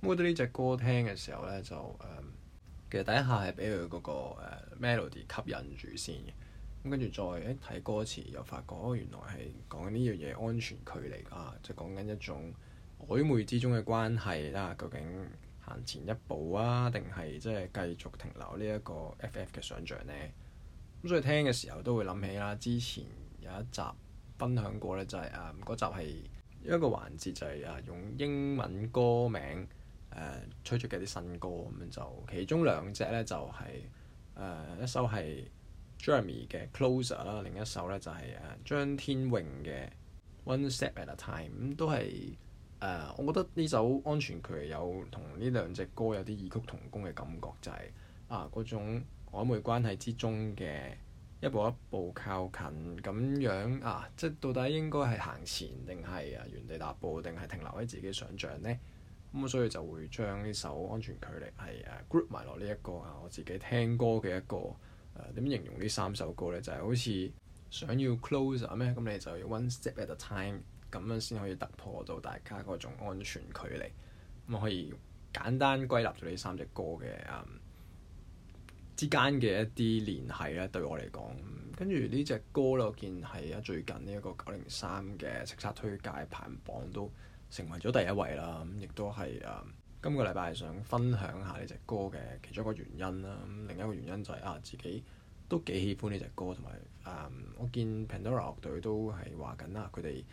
我覺得呢隻歌聽嘅時候呢，就誒、嗯，其實第一下係俾佢嗰個 melody 吸引住先嘅，咁跟住再睇、欸、歌詞又發覺，原來係講緊呢樣嘢安全距離啊，就係講緊一種曖昧之中嘅關係啦、啊。究竟行前一步啊，定係即係繼續停留呢一個 FF 嘅想像呢？咁所以聽嘅時候都會諗起啦、啊，之前有一集分享過呢，就係誒嗰集係一個環節就係誒、啊、用英文歌名。誒推、啊、出嘅啲新歌咁樣、嗯、就，其中兩隻咧就係、是、誒、呃、一首係 Jeremy 嘅 Closer 啦，另一首咧就係、是、誒、啊、張天穎嘅 One Step at a Time，咁都係誒、呃、我覺得呢首安全距離有同呢兩隻歌有啲異曲同工嘅感覺，就係、是、啊嗰種曖昧關係之中嘅一步一步靠近，咁樣啊即係到底應該係行前定係啊原地踏步，定係停留喺自己想像咧？咁、嗯、所以就會將呢首安全距離係誒、uh, group 埋落呢一個啊，我自己聽歌嘅一個誒點、uh, 形容呢三首歌呢？就係、是、好似想要 closer 咩，咁你就要 one step at a time 咁樣先可以突破到大家嗰種安全距離。咁、嗯、可以簡單歸納咗呢三隻歌嘅誒、um, 之間嘅一啲聯繫咧，對我嚟講。跟住呢隻歌咧，我見係啊最近呢一個九零三嘅叱咤推介排行榜都。成為咗第一位啦，咁亦都係誒、嗯、今個禮拜想分享下呢隻歌嘅其中一個原因啦。咁、嗯、另一個原因就係、是、啊自己都幾喜歡呢隻歌，同埋誒我見 Pandora 樂隊都係話緊啦，佢、啊、哋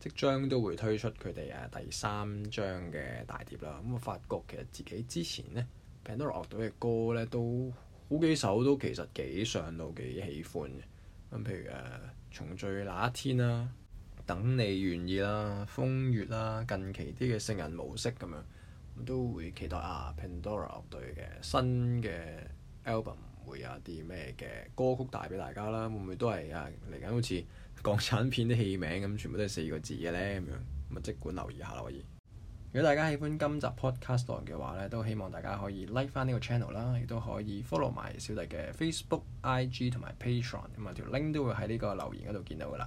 即將都會推出佢哋誒第三張嘅大碟啦。咁、啊、我發覺其實自己之前呢，Pandora 樂隊嘅歌呢都好幾首都其實幾上到幾喜歡。咁譬、啊、如誒、啊、重聚那一天啦、啊。等你願意啦，風月啦，近期啲嘅聖人模式咁樣，都會期待啊。Pandora 樂隊嘅新嘅 album 會有啲咩嘅歌曲帶俾大家啦，會唔會都係啊嚟緊好似港產片啲戲名咁，全部都係四個字嘅呢。咁樣。咁啊，即管留意下可以，如果大家喜歡今集 podcast 嘅話呢，都希望大家可以 like 返呢個 channel 啦，亦都可以 follow 埋小弟嘅 Facebook、IG 同埋 Patreon，咁啊條 link 都會喺呢個留言嗰度見到噶啦。